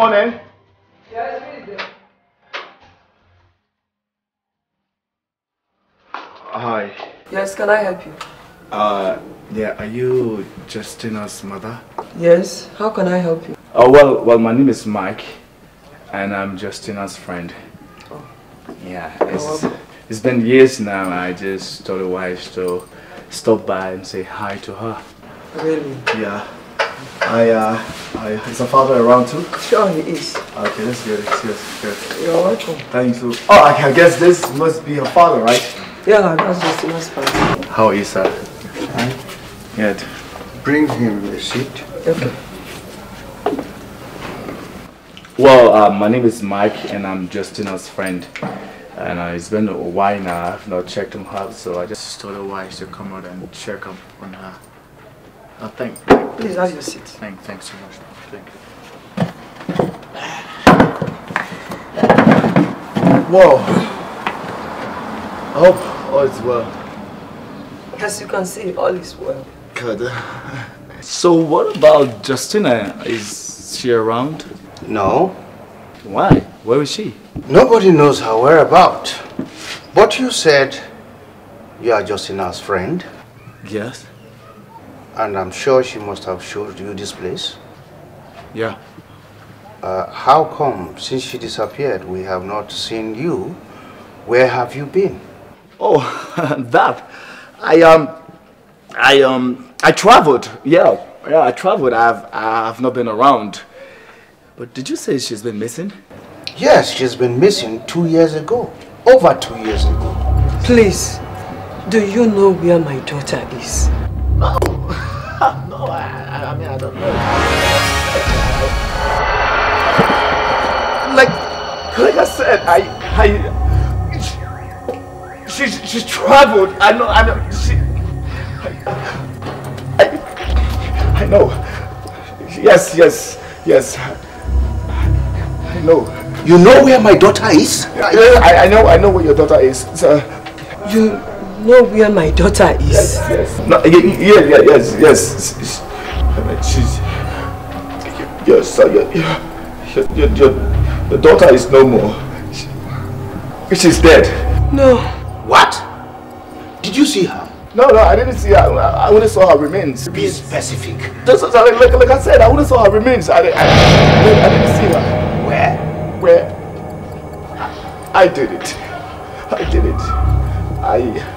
one end? Yes, it's Hi. Yes, can I help you? Uh, yeah, are you Justina's mother? Yes, how can I help you? Oh, well, well, my name is Mike, and I'm Justina's friend. Oh. Yeah, it's, it's been years now, I just told the wife to stop by and say hi to her. Really? Yeah. I, uh, I, is the father around too? Sure, he is. Okay, that's good. That's good. Yes, good. You're welcome. Thank you. Oh, I guess this must be a father, right? Yeah, that's just his father. How is that? Hi. yet, Bring him the seat. Okay. Well, uh, my name is Mike, and I'm Justina's friend. And uh, it's been a while now. I've not checked on her, so I just told her why I should come out and check up on her. I uh, thank, Please have your seat. Thank, thanks so much. Thank you. Whoa. I hope all is well. As you can see, all is well. Good. So what about Justina? Is she around? No. Why? Where is she? Nobody knows her whereabouts. But you said you are Justina's friend. Yes. And I'm sure she must have showed you this place. Yeah. Uh, how come, since she disappeared, we have not seen you? Where have you been? Oh, that. I, um, I, um, I traveled. Yeah, yeah, I traveled. I've, I've not been around. But did you say she's been missing? Yes, she's been missing two years ago. Over two years ago. Please, do you know where my daughter is? no, I, I mean, I don't know. Like, like I said, I, I, she, she's, she's traveled. I know, I know, she, I, I, I know. Yes, yes, yes. I know. You know where my daughter is? I, I, I know, I know where your daughter is. So, you, know where my daughter is. Yes, yes. No, yes, yes, yes, yes. She's, yes, sir, your, your, your, your daughter is no more. She's dead. No. What? Did you see her? No, no, I didn't see her. I only saw her remains. Be specific. Just, like, like, like I said, I only saw her remains. I, I, I, didn't see her. Where? Where? I did it. I did it. I...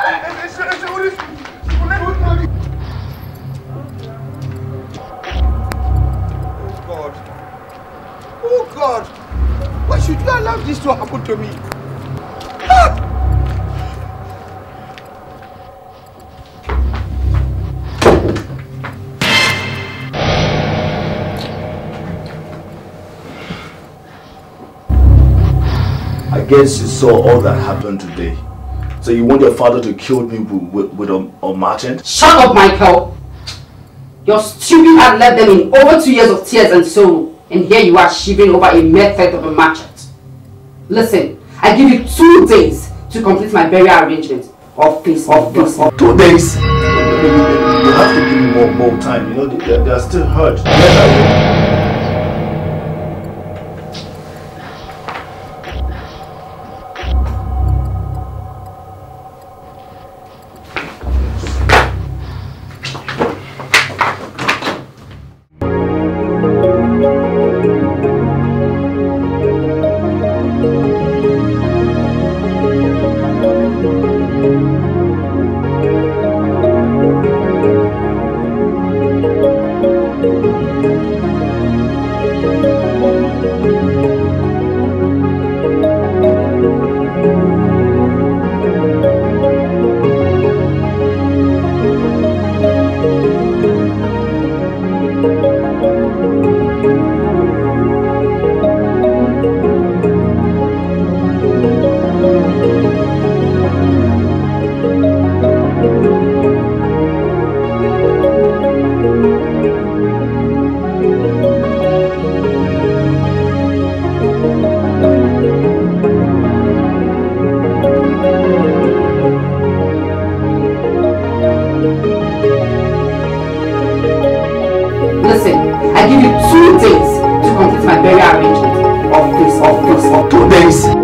God! Why should you allow this to happen to me? Ah! I guess you saw all that happened today. So you want your father to kill me with, with, a, a merchant? Shut up, Michael! You're stupid and led them in over two years of tears and sorrow. And here you are shivering over a mere thread of a matchet. Listen, I give you two days to complete my burial arrangements. Or face, or face. Two days? You have to give me more, more time. You know, they, they are still hurt. two days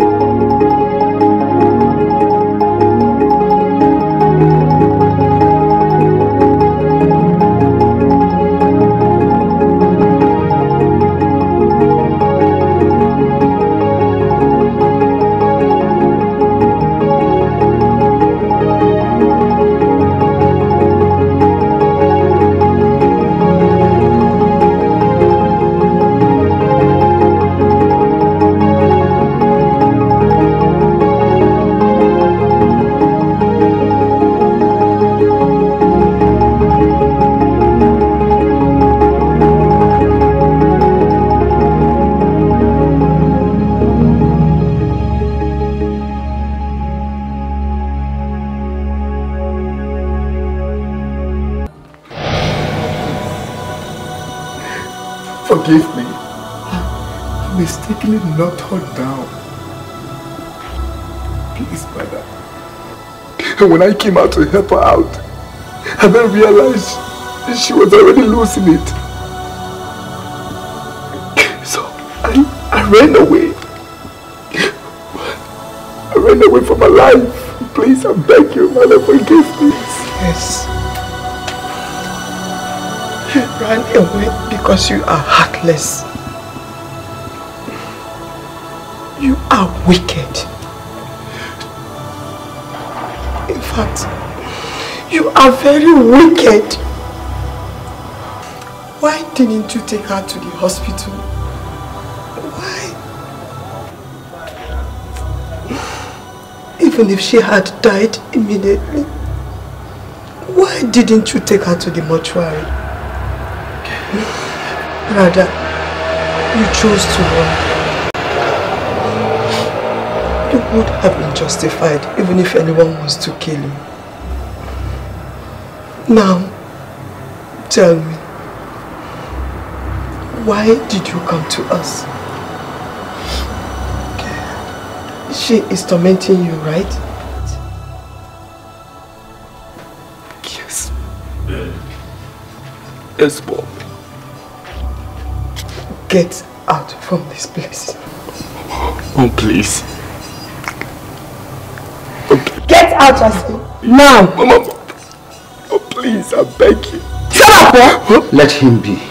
when I came out to help her out, and then realized she was already losing it. So I, I ran away. I ran away from my life. Please, I beg you, Mother, forgive me. Yes. You ran away because you are heartless. You are wicked. heart. You are very wicked. Why didn't you take her to the hospital? Why? Even if she had died immediately, why didn't you take her to the mortuary? Rather, you chose to run would have been justified even if anyone was to kill him. Now, tell me, why did you come to us? She is tormenting you, right? Yes. Yes, Bob. Get out from this place. Oh, please. out yourself. Now. Mama, oh, please, I beg you. Shut up, boy. Let him be.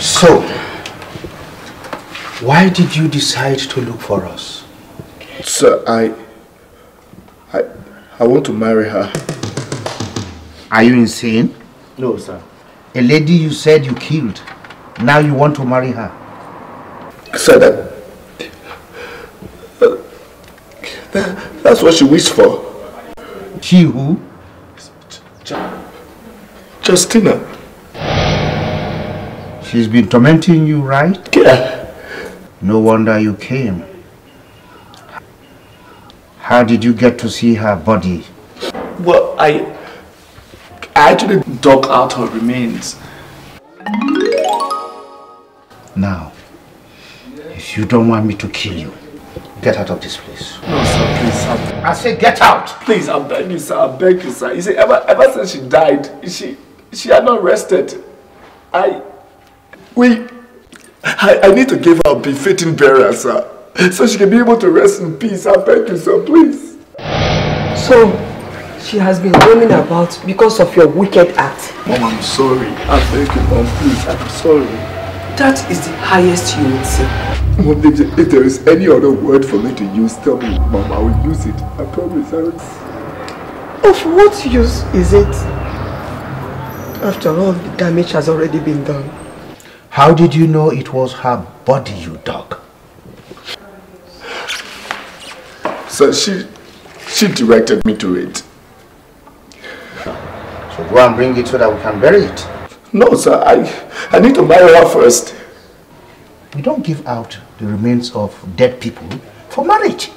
So, why did you decide to look for us? Sir, I... I... I want to marry her. Are you insane? No, sir. A lady you said you killed. Now you want to marry her. Sir, that... that, that that's what she wished for. She who? Justina. She's been tormenting you, right? Yeah. No wonder you came. How did you get to see her body? Well, I actually dug out her remains. Now, if you don't want me to kill you, get out of this place. No, sir, please, sir. I say get out! Please, I beg you, sir. I beg you, sir. You see, ever, ever since she died, she, she had not rested. I... We, I, I need to give her a befitting burial, sir. So she can be able to rest in peace. I beg you, sir, please. So, she has been roaming about because of your wicked act. Mom, I'm sorry. I beg you, Mom, please. I'm sorry. That is the highest you will say. Mom, if, if there is any other word for me to use, tell me, Mom. I will use it. I promise. I will. Of what use is it? After all, the damage has already been done. How did you know it was her body you dug? So she, she directed me to it. So go and bring it so that we can bury it. No, sir. I, I need to marry her first. We don't give out the remains of dead people for marriage.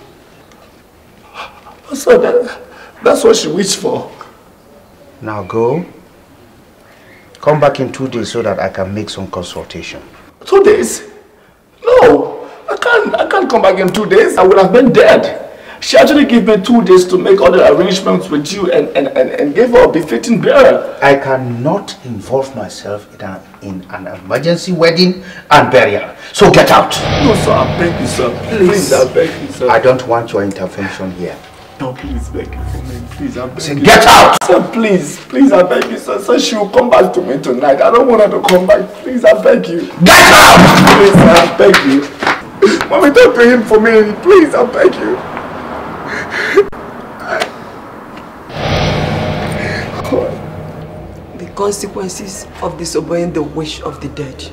So that, that's what she wished for. Now go Come back in two days so that I can make some consultation. Two days? No, I can't, I can't come back in two days. I would have been dead. She actually gave me two days to make all the arrangements with you and, and, and, and gave her a befitting burial. I cannot involve myself in, a, in an emergency wedding and burial. So get out. No, sir, I beg you, sir. Please, Please I beg you, sir. I don't want your intervention here. No, please beg you for me. Please, I beg Say, you. Get out! Sir, please, please, I beg you, sir. Sir, she will come back to me tonight. I don't want her to come back. Please, I beg you. Get out! Please, sir, I beg you. Mommy, talk to him for me. Please, I beg you. The consequences of disobeying the wish of the dead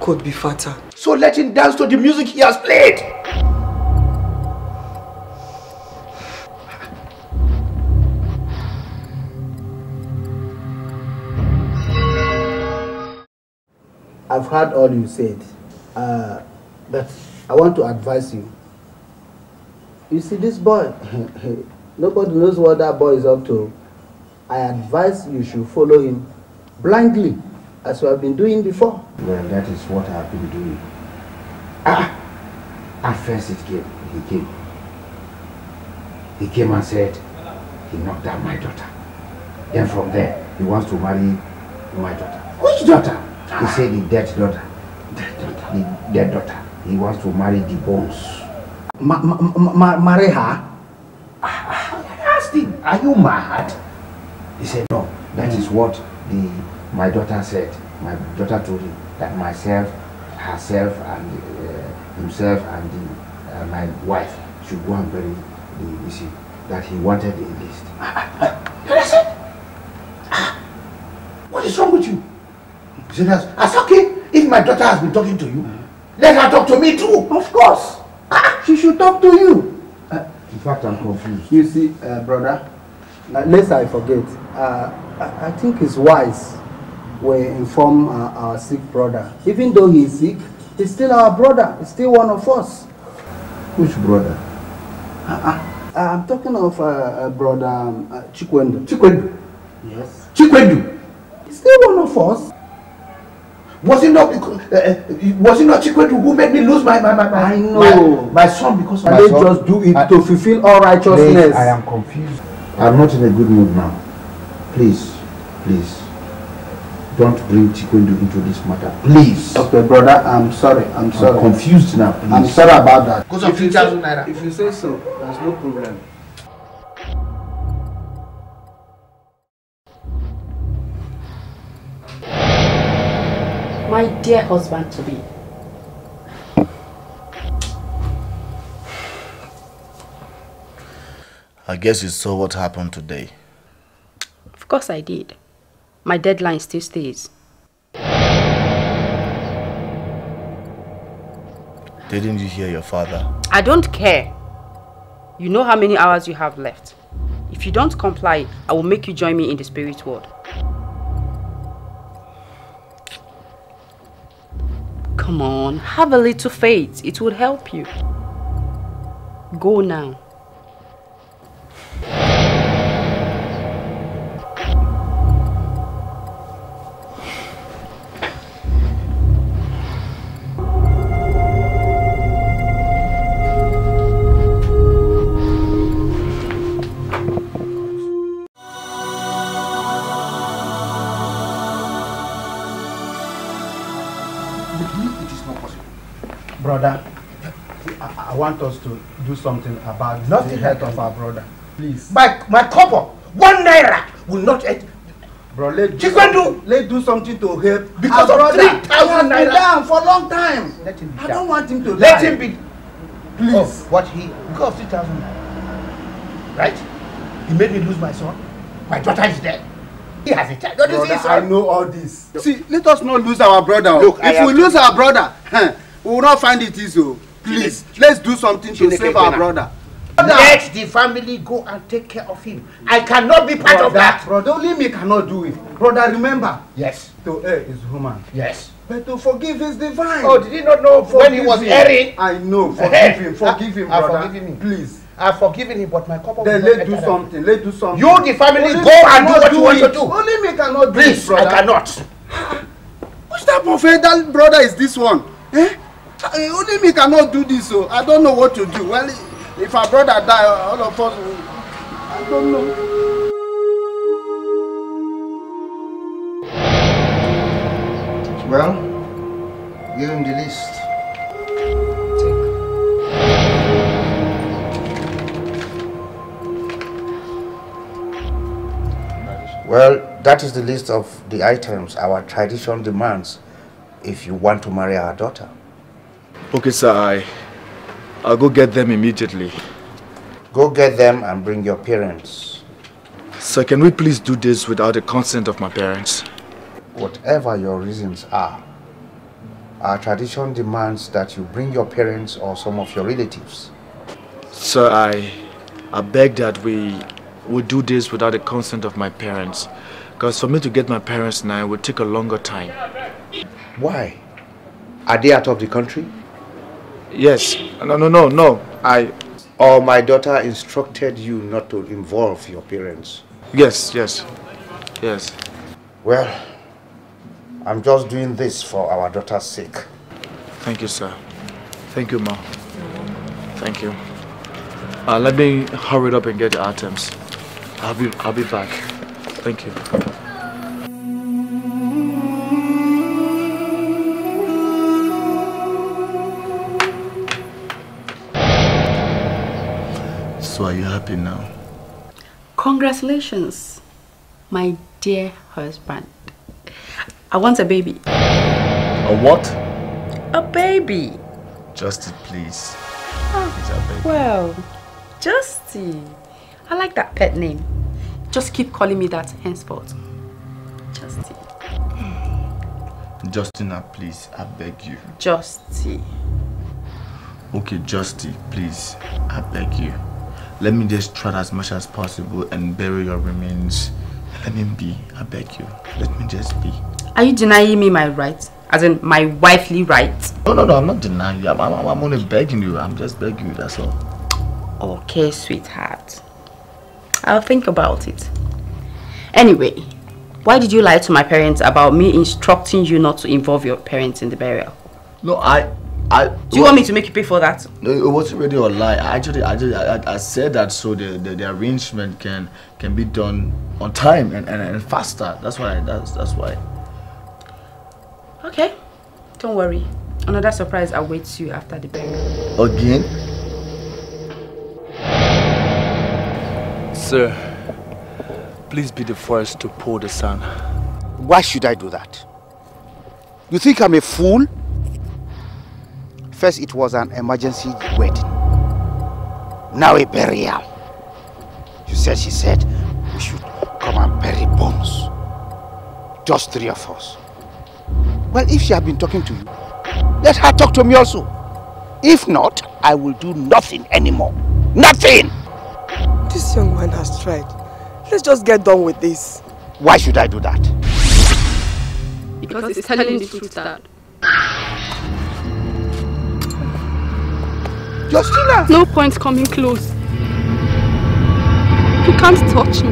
could be fatal. So let him dance to the music he has played. I've heard all you said, uh, but I want to advise you. You see, this boy, nobody knows what that boy is up to. I advise you should follow him blindly, as we have been doing before. Well, that is what I've been doing. Ah! At first it came, he came. He came and said, he knocked out my daughter. Then from there, he wants to marry my daughter. Which daughter? He said the dead daughter. Dead daughter. The dead daughter. He wants to marry the bones. marry her? Ah, ah, I asked him, are you mad? He said, no. That mm. is what the my daughter said. My daughter told him that myself, herself, and uh, himself, and the, uh, my wife should go and bury the issue. That he wanted the list. Ah, what is wrong with you? You say that's, that's okay. If my daughter has been talking to you, let her talk to me too. Of course. Ah, she should talk to you. Uh, in fact, I'm confused. You see, uh, brother, lest I forget, uh, I, I think it's wise we inform uh, our sick brother. Even though he's sick, he's still our brother. He's still one of us. Which brother? Uh-uh. Uh, I'm talking of uh, uh, brother um, uh, Chikwendo. Chikwendo? Yes. Chikwendo? He's still one of us. Was it not because uh, eh, was it not Chikwedu who made me lose my my my, my I know my, my son because my they just do it I, to fulfill all righteousness. Please, I am confused. I'm not in a good mood now. Please, please, don't bring Chikwedu into this matter. Please. Okay, brother, I'm sorry. I'm sorry. I'm confused now. Please. I'm sorry about that. Because of if, you say, if you say so, there's no problem. my dear husband to be. I guess you saw what happened today. Of course I did. My deadline still stays. Didn't you hear your father? I don't care. You know how many hours you have left. If you don't comply, I will make you join me in the spirit world. Come on, have a little faith. It will help you. Go now. want us to do something about Nothing the health of our brother. Please. My, my couple, one naira will not eat. Bro, let's do, do, let's do something to help. Because our of thousand naira. been down for a long time. Let him be I down. don't want him to Let die. him be. Please. Oh, what he, because of three thousand naira. Right? He made me lose my son. My daughter is dead. He has a child. Don't brother, you see, I know all this. See, let us not lose our brother. Look, if I we lose our brother, huh, we will not find it easy. Oh please let's do something to save our brother. brother. let the family go and take care of him i cannot be part brother, of that. brother only me cannot do it brother remember. yes. to err is human. yes. but to forgive is divine. oh did he not know forgive when he was erring. i know forgive him forgive ah, him ah, brother I forgive him. please. I've ah, forgiven him, but my cup Then let do something. Let do something. You, the family, Only go and do what do you want it. to do. Only me cannot do Please, brother. I cannot. Which type of elder brother is this one? Eh? Eh, only me cannot do this, so oh. I don't know what to do. Well, if our brother die, all of us, I don't know. Well, give him the list. Take. Well, that is the list of the items our tradition demands if you want to marry our daughter. Okay, sir, I, I'll go get them immediately. Go get them and bring your parents. Sir, can we please do this without the consent of my parents? Whatever your reasons are, our tradition demands that you bring your parents or some of your relatives. Sir, I, I beg that we we do this without the consent of my parents. Because for me to get my parents now would take a longer time. Why? Are they out of the country? Yes. No, no, no, no. I... Or my daughter instructed you not to involve your parents. Yes, yes. Yes. Well, I'm just doing this for our daughter's sake. Thank you, sir. Thank you, ma. Thank you. Uh, let me hurry up and get the items. I'll be, I'll be back. Thank you. are you happy now? Congratulations, my dear husband. I want a baby. A what? A baby. Justy, please. Oh, well, Justy. I like that pet name. Just keep calling me that henceforth. Justy. Justina, ah, please, I beg you. Justy. Okay, Justy, please, I beg you let me just try as much as possible and bury your remains. Let me be, I beg you. Let me just be. Are you denying me my rights? As in, my wifely rights? No, no, no, I'm not denying you. I'm, I'm, I'm only begging you. I'm just begging you, that's all. Okay, sweetheart. I'll think about it. Anyway, why did you lie to my parents about me instructing you not to involve your parents in the burial? No, I... I, Do you want me to make you pay for that? It wasn't really a lie. I actually, I, just, I, I said that so the, the, the, arrangement can can be done on time and, and, and faster. That's why. That's that's why. Okay, don't worry. Another surprise awaits you after the bank. Again? Sir, please be the first to pour the sun. Why should I do that? You think I'm a fool? First, it was an emergency wedding. Now a burial. She said, she said, we should come and bury bones. Just three of us. Well, if she had been talking to you, let her talk to me also. If not, I will do nothing anymore. Nothing! This young man has tried. Let's just get done with this. Why should I do that? Because, because he's telling the truth, Dad. Justina! No point coming close. You can't touch me.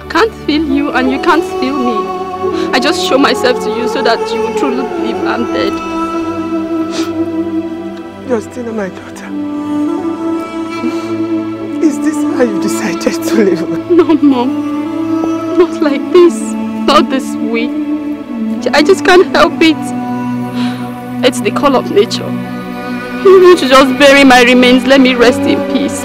I can't feel you and you can't feel me. I just show myself to you so that you will truly believe I'm dead. Justina, my daughter. Is this how you decided to live? No, Mom. Not like this. Not this way. I just can't help it. It's the call of nature. You should just bury my remains. Let me rest in peace.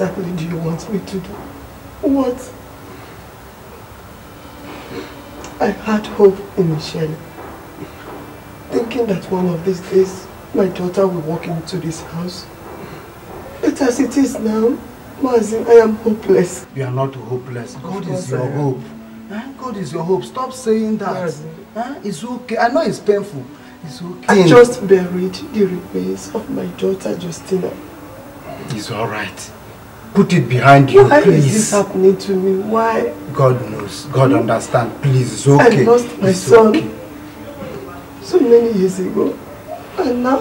exactly do you want me to do? What? I had hope initially, thinking that one of these days my daughter will walk into this house. But as it is now, Mazin, I am hopeless. You are not hopeless. God is your hope. Eh? God is your hope. Stop saying that. Yes. Eh? It's okay. I know it's painful. It's okay. I just buried the remains of my daughter, Justina. It's alright. Put it behind you, Why please. Why is this happening to me? Why? God knows. God mm. understands. Please, it's okay. I lost my it's son okay. so many years ago. And now...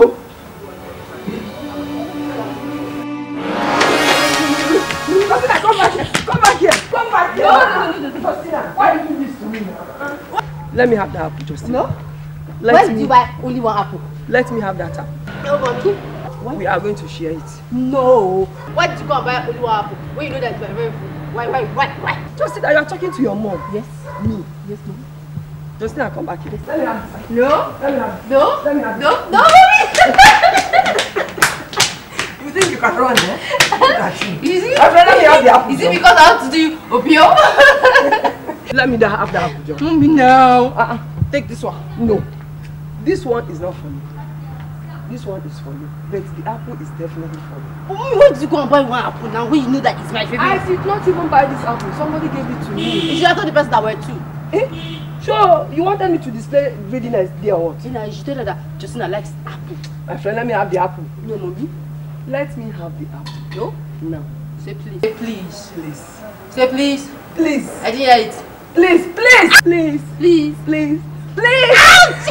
Faustina, come back here! Come back here! Come back here! No, no, no, no, Faustina, why did you do this to me now? Let me have that apple, Justin. No? Let Why me... do you buy only one apple? Let me have that apple. No, mommy. What? We are going to share it. No. Why did you go and buy Oluwa apple when you know that it's my very full? Why, why, why, why? Just say that you are talking to your mom. Yes. Me. Yes, mom. Just say I come back here. Yes. Let me have No. Let me have No. Let me have it. No. No, baby. you think you can run, eh? Look at you. Is it, I'd rather me have the apple. Is it because I have to do opium? Let me have the apple, John. Mummy, no. Uh-uh. Take this one. No. This one is not for me. This one is for you, but the apple is definitely for me. But why did you go and buy one apple now when you know that it's my favorite? I did not even buy this apple. Somebody gave it to me. You should have told the person that were too. Eh? Sure. you wanted me to display really nice. there or what? You know, you should tell her that Justina likes apple. My friend, let me have the apple. No, mommy. Let me have the apple. No? No. Say please. Say please. Please. Say please. Please. I didn't hear it. Please, please, please, please, please, please. Ouch!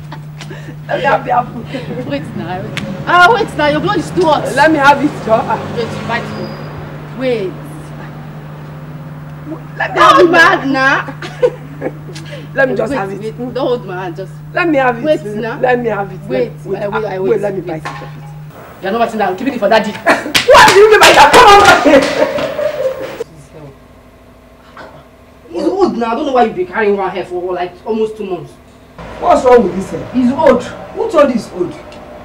Let me have the apple. wait now. Ah, wait now. You're going to too hot. Let me have it, Joe. Wait, bite me. Wait. Let me have it. Bad now. Let me just wait, have it. Wait, don't hold my hand. Just. Let me have it. Wait now. Let me have it. Wait. Wait. I wait. I ah, wait. Wait. Let me wait. bite it. You're not watching now. I'm keeping it for daddy. What do you mean? me that? Come on back here. He's old now. I don't know why you've been carrying one here for like almost two months. What's wrong with this hair? It's old. Who told you it's old?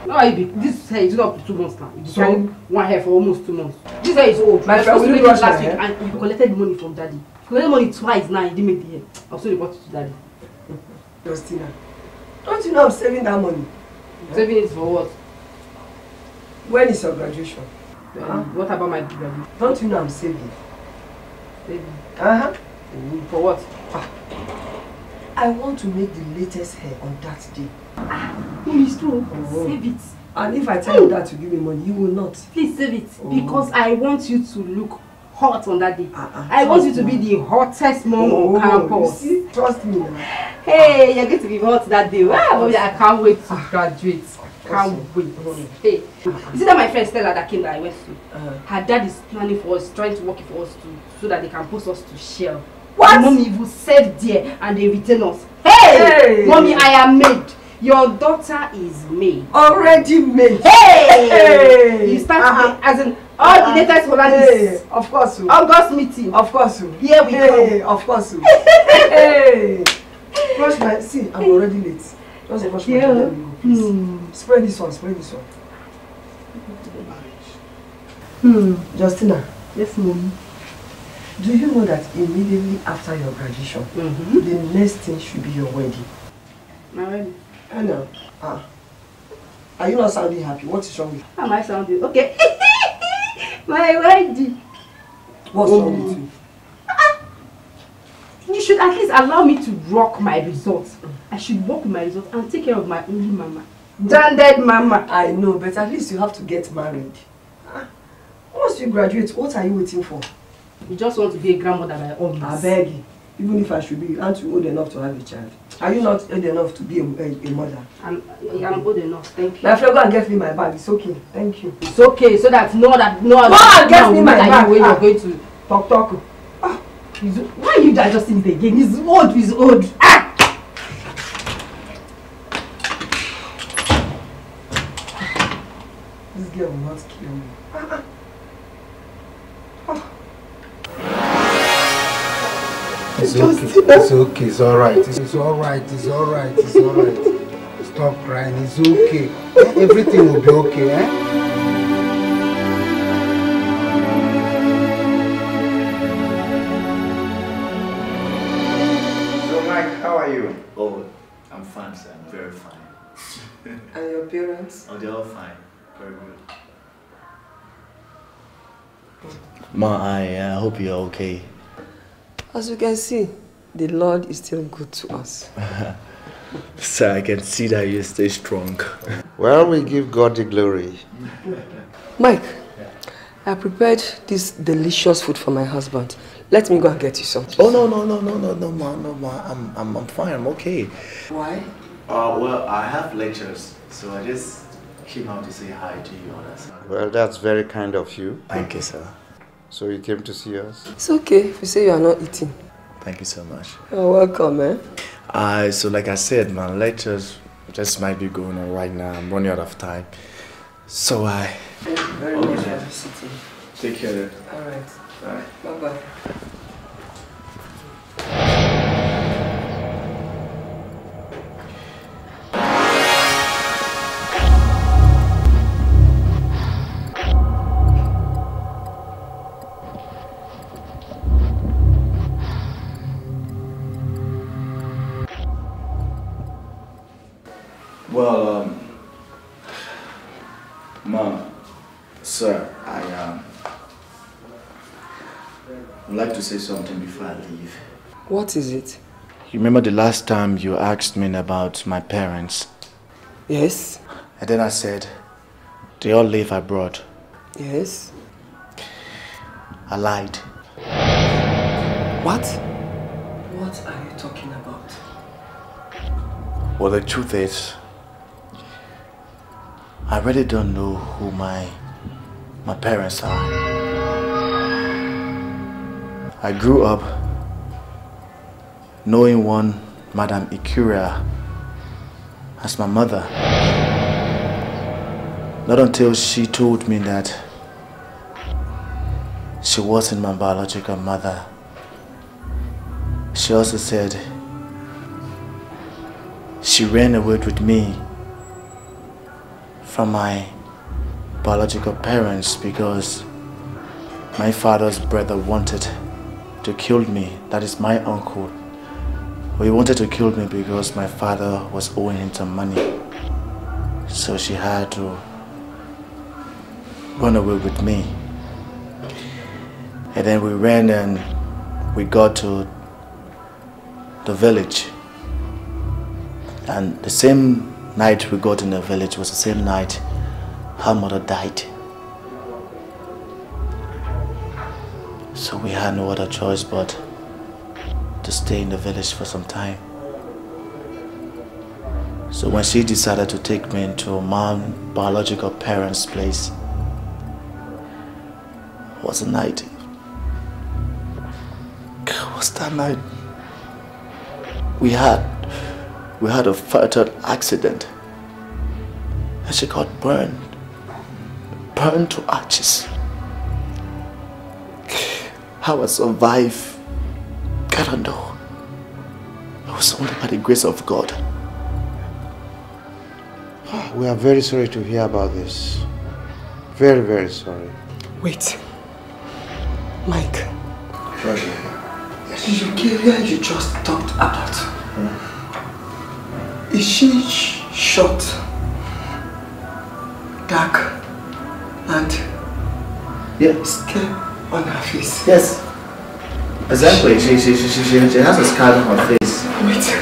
No, Ibi, this hair is not for two months now. It's so? one hair for almost two months. This hair is old. My friend, we did last week and you collected money from daddy. You collected money twice now, you didn't make the hair. I'll still report it to daddy. Justina, don't you know I'm saving that money? Yeah. Saving it for what? When is your graduation? uh-huh. What about my graduation? Don't you know I'm saving? Saving? Uh-huh. For what? Ah. I want to make the latest hair on that day. Ah, it is true. Oh. Save it. And if I tell you that to give me money, you will not. Please save it oh. because I want you to look hot on that day. Uh, uh, I want you to be the hottest mom oh, on campus. You see? Trust me. Hey, you're going to be hot that day. Wow, I can't wait to ah, graduate. Can't wait. Hey, you see that my friend Stella that came that I went to? Uh, Her dad is planning for us, trying to work for us too, so that they can post us to shell. What? Mommy, you sat there and they return us. Hey! hey! Mommy, I am made. Your daughter is made. Already made. Hey! hey! You start uh-huh. as in all uh-huh. the latest holidays. Hey, of course. So. Oh. August meeting. Of course. So. Oh. Here we hey, come. Of course. Oh. So. hey! Brush my, see, I'm already late. Just brush my hair. Hmm. Spray this one, spray this one. Hmm. Justina. Yes, mommy. Do you know that immediately after your graduation, mm -hmm. the next thing should be your wedding? My wedding? I know. Ah. Are you not sounding happy? What is wrong with you? Am I sounding okay? My wedding. What's wrong with mm. you? Ah. You should at least allow me to rock my results. I should work with my results and take care of my only mama. Done dead mama. I know, but at least you have to get married. Ah. Once you graduate, what are you waiting for? You just want to be a grandmother by all means. I beg you. Even if I should be, aren't you old enough to have a child? Are you not old enough to be a, a, a mother? I'm, I'm old enough, thank you. My friend, go and get me my bag. It's okay, thank you. It's okay, so that no that no. Go and get me my bag. You, ah. You're going to talk talk. Ah. Why are you digesting it again? He's old, he's old. Ah. This girl will not kill me. Ah, ah. It's okay. It's okay. It's all right. It's all right. It's all right. It's all right. Stop crying. It's okay. Eh, everything will be okay. Eh? And your parents? Oh, they're all fine. Very good. Ma, I uh, hope you're okay. As you can see, the Lord is still good to us. so I can see that you stay strong. Well, we give God the glory. Mike, I prepared this delicious food for my husband. Let me go and get you some. Oh, no, no, no, no, no, no, ma, no, ma. I'm, I'm, I'm fine. I'm okay. Why? Uh, well, I have lectures, so I just came out to say hi to you. Honestly. Well, that's very kind of you. Thank you, sir. So you came to see us? It's okay if you say you are not eating. Thank you so much. You're welcome, eh? Uh, so like I said, Let lectures just might be going on right now. I'm running out of time. So I... Uh, Very seat. Take care. All right. All right. Bye-bye. to say something before I leave. What is it? You remember the last time you asked me about my parents? Yes. And then I said, they all live abroad. Yes. I lied. What? What are you talking about? Well, the truth is, I really don't know who my, my parents are. I grew up knowing one Madame Ikuria as my mother. Not until she told me that she wasn't my biological mother. She also said she ran away with me from my biological parents because my father's brother wanted to kill me. That is my uncle. He wanted to kill me because my father was owing him some money. So she had to run away with me. And then we ran and we got to the village. And the same night we got in the village was the same night her mother died. So we had no other choice but to stay in the village for some time. So when she decided to take me into my biological parents' place, was a night. Was that night? We had, we had a fatal accident, and she got burned, burned to ashes how I survive, God and all. It was only by the grace of God. Ah, we are very sorry to hear about this. Very, very sorry. Wait. Mike. Roger. Yes. The Eugeria you just talked about. Hmm? Is she short, dark, and yeah. scared? on her face. Yes. Exactly. She, she, she, she, she, she has a scar on her face. Wait.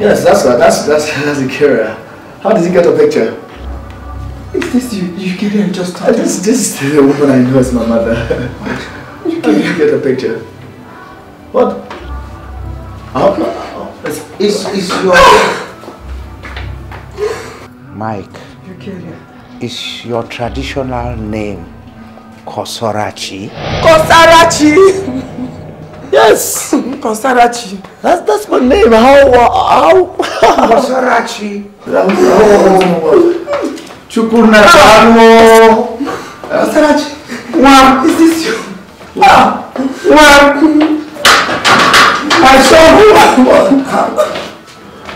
Yes, that's her. That's that's that's Ikira. How did you get a picture? Is this you? You get it and just started. This, this is the woman I know as my mother. What? You get, a get picture. What? How? Oh, it's, it's, it's your... Mike. You get it. It's your traditional name, Kosarachi. Kosarachi! yes! Kosarachi. That's, that's my name. How? How? Kosarachi. That's, Chukur Nakano. Uh, Saraj, Wam, is this you? Wam, ah. Wam. My son,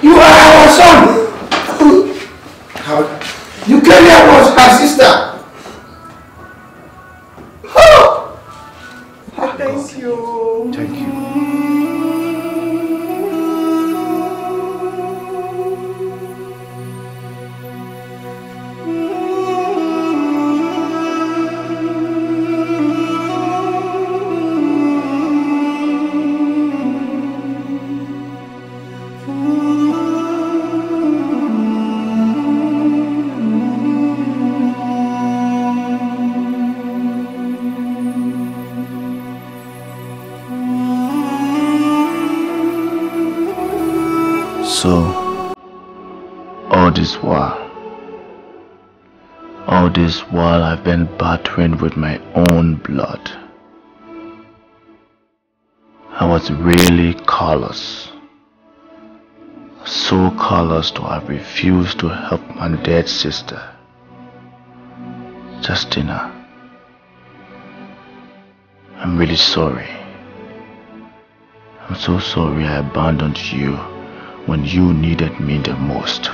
you are our son. All this while I've been battering with my own blood. I was really callous. So callous to have refused to help my dead sister, Justina. I'm really sorry. I'm so sorry I abandoned you when you needed me the most.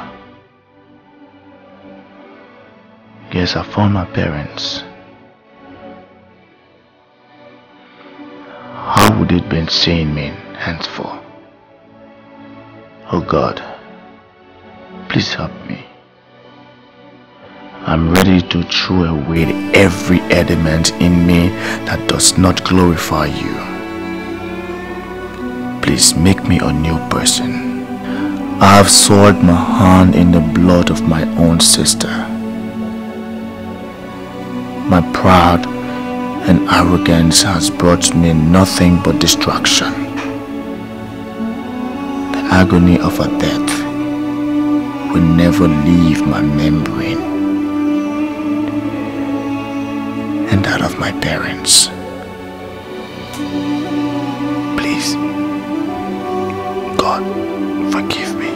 As a former parents. How would it be seeing me henceforth? Oh God, please help me. I'm ready to throw away every element in me that does not glorify you. Please make me a new person. I have soiled my hand in the blood of my own sister. My pride and arrogance has brought me nothing but destruction. The agony of a death will never leave my memory, and that of my parents. Please, God, forgive me.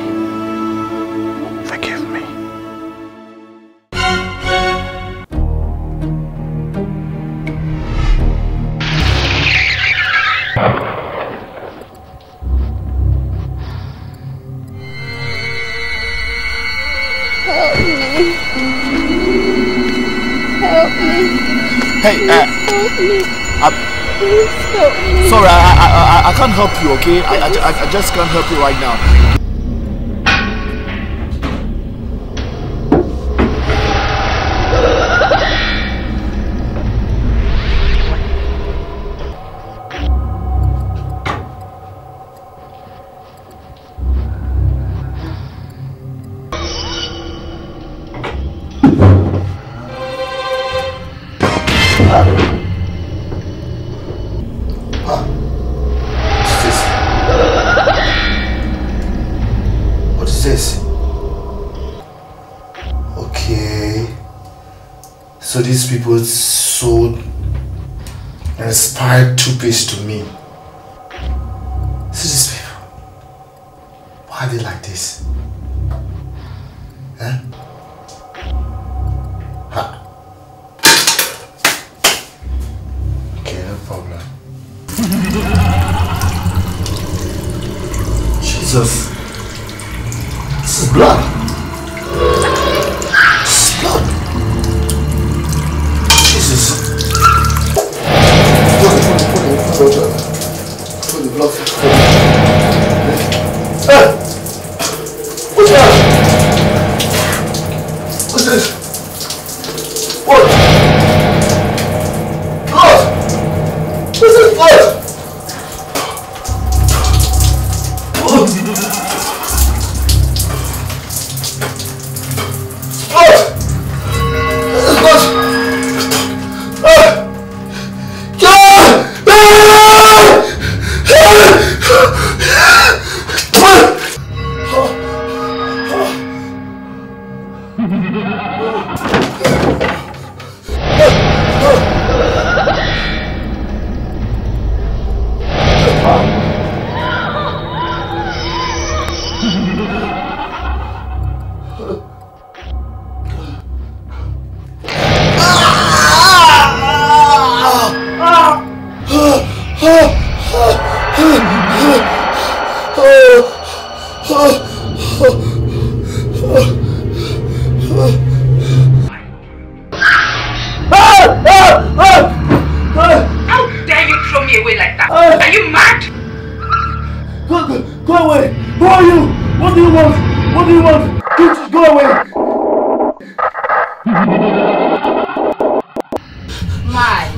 Hey, uh, help me. i Please help me. Sorry, I, I, I, I can't help you, okay? I, I, I just can't help you right now. Jesus. This is blood. This is blood. Jesus.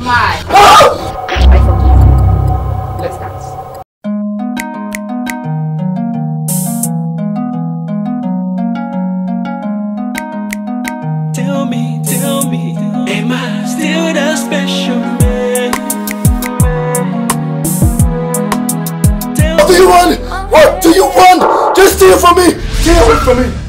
Oh! I Let's dance. Tell me, tell me, am I still special man? Tell what do you want? What do you want? Just steal from me! Steal from me!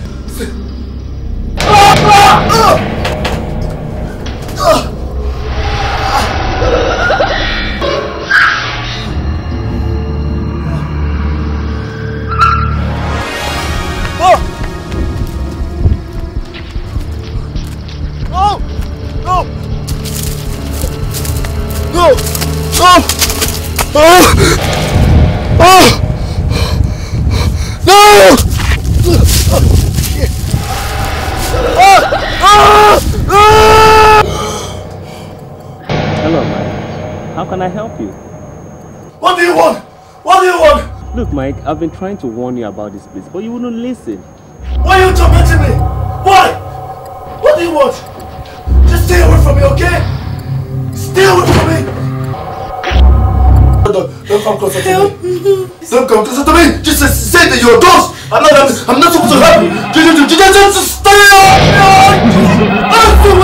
I've been trying to warn you about this place, but you wouldn't listen. Why are you tormenting me? Why? What do you want? Just stay away from me, okay? Stay away from me! Don't, don't come closer to me. Don't come closer to me! Just say that you're a ghost! I'm not, I'm, not supposed to help you! Just, Just, just, just stay away! Hello,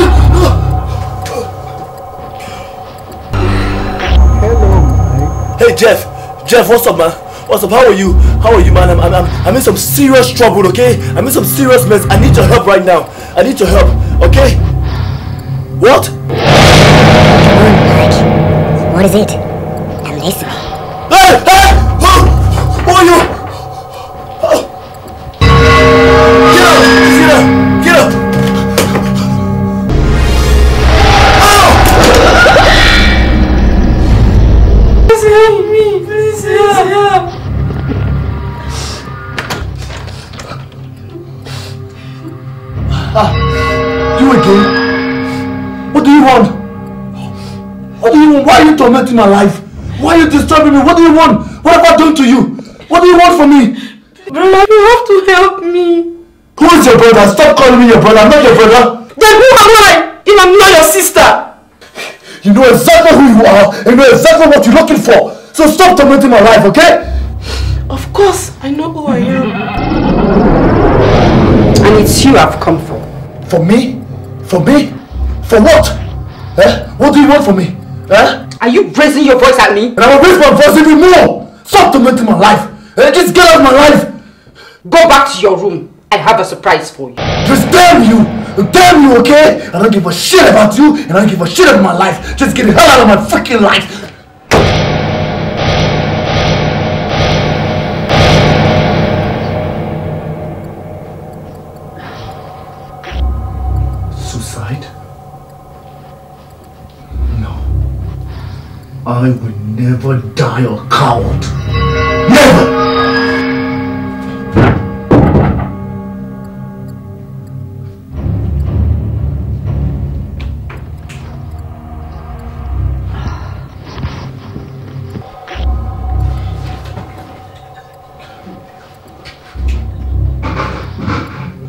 Mike. Hey, Jeff! Jeff, what's up, man? What's up? How are you? How are you, man? I'm, I'm, I'm in some serious trouble, okay? I'm in some serious mess. I need your help right now. I need your help, okay? What? Come on, What is it? I'm listening. Hey! Hey! Why are you tormenting my life? Why are you disturbing me? What do you want? What have I done to you? What do you want from me? Brother, you have to help me. Who is your brother? Stop calling me your brother. I'm not your brother. Then who am I if I'm not your sister? You know exactly who you are. You know exactly what you're looking for. So stop tormenting my life, okay? Of course, I know who I am. And it's you I've come for. For me? For me? For what? Eh? What do you want from me? Eh? Are you raising your voice at me? And I will raise my voice even more! Stop tormenting my life! Eh? Just get out of my life! Go back to your room. I have a surprise for you. Just damn you! Damn you, okay? I don't give a shit about you and I don't give a shit about my life. Just get the hell out of my fucking life! I will never die a coward. Never!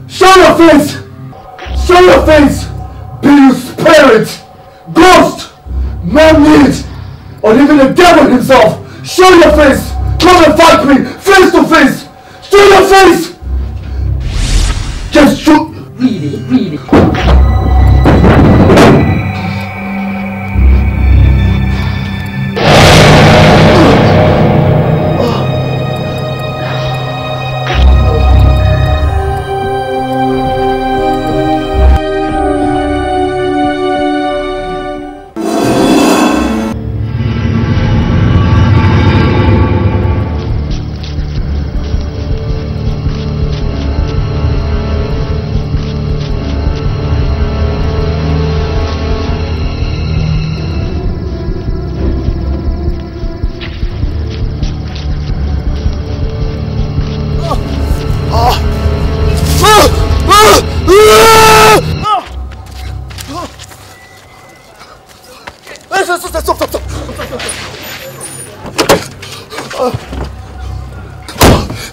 Show your face! Show your face! devil himself. Show your face. Come and fight me face to face. Show your face.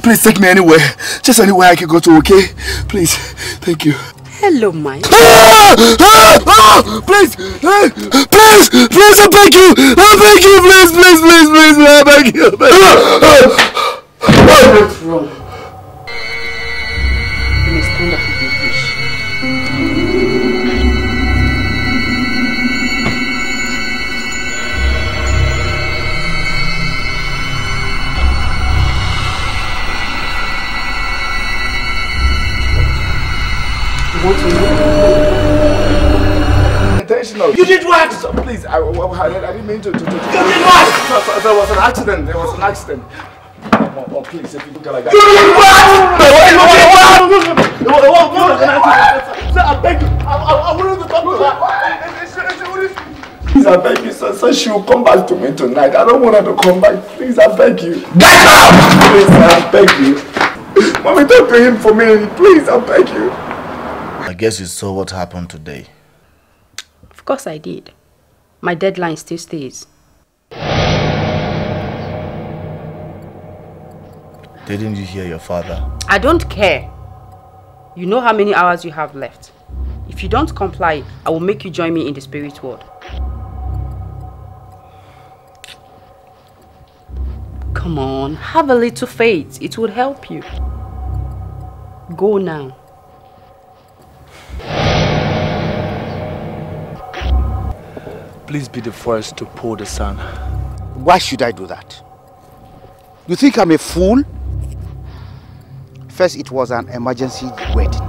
Please take me anywhere. Just anywhere I can go to, okay? Please. Thank you. Hello, Mike. Ah! Ah! Ah! Please! Hey! Ah! Please! Please, I beg you! I beg you! Please, please, please, please! I beg you! I beg you. Ah! Ah! So, please, I, I, I didn't mean to, to, to, to. So, so, there was an accident. There was an accident. Oh, oh, please, if you look at like that. You did what? What? What? what? What? What? What? What? What? What? What? What? Please, I beg you, sir. Sir, she will come back to me tonight. I don't want her to come back. Please, I beg you. Get out! Please, sir, I beg you. Mommy, talk to him for me. Please, I beg you. I guess you saw what happened today course I did. My deadline still stays. Didn't you hear your father? I don't care. You know how many hours you have left. If you don't comply, I will make you join me in the spirit world. Come on, have a little faith. It will help you. Go now. Please be the first to pour the sand. Why should I do that? You think I'm a fool? First, it was an emergency wedding.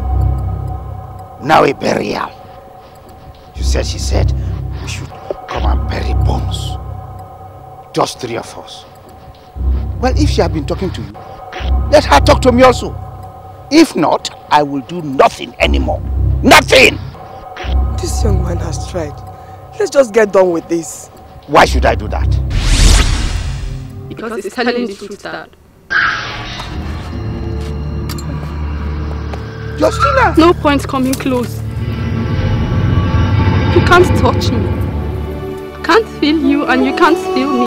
Now a burial. You said she said we should come and bury bones. Just three of us. Well, if she had been talking to you, let her talk to me also. If not, I will do nothing anymore. Nothing! This young man has tried. Let's just get done with this. Why should I do that? Because, it's telling the truth, Dad. Justina! No point coming close. You can't touch me. I can't feel you and you can't feel me.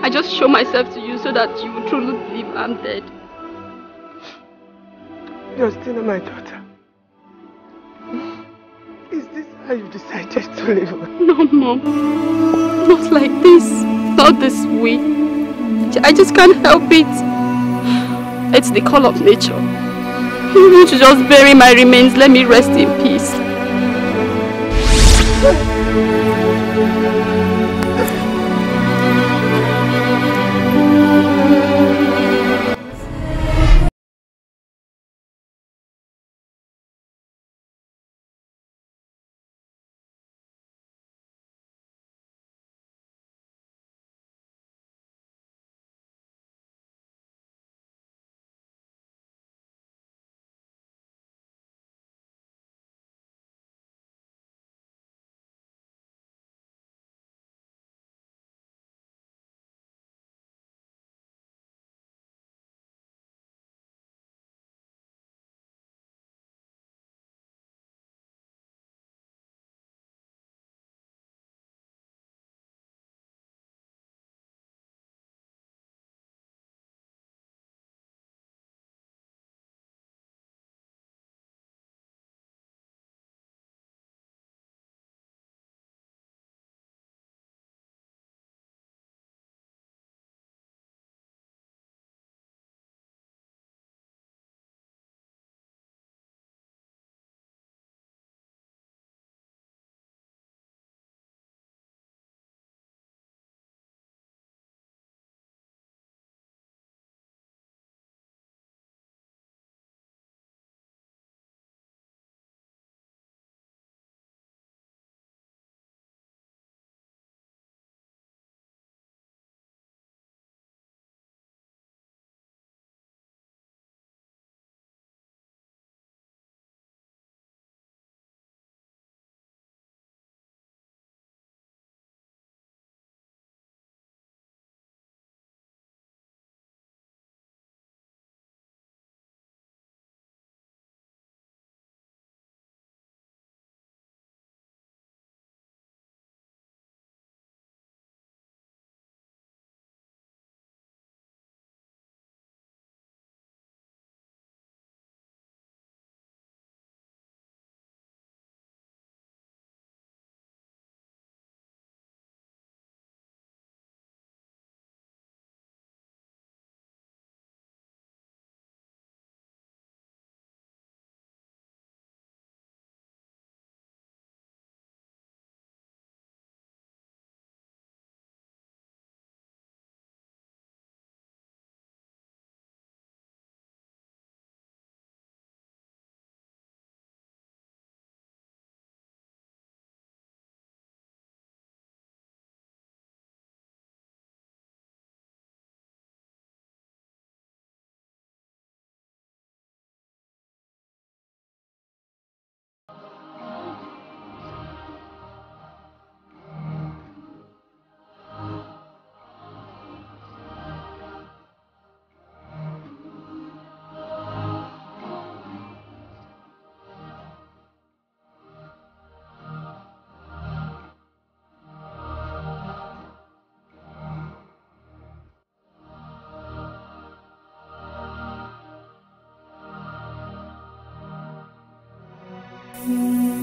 I just show myself to you so that you will truly believe I'm dead. Justina, my daughter. Is this you decided to leave her? No, Mom. Not like this. Not this way. I just can't help it. It's the call of nature. You want to just bury my remains, let me rest in peace. Música hum.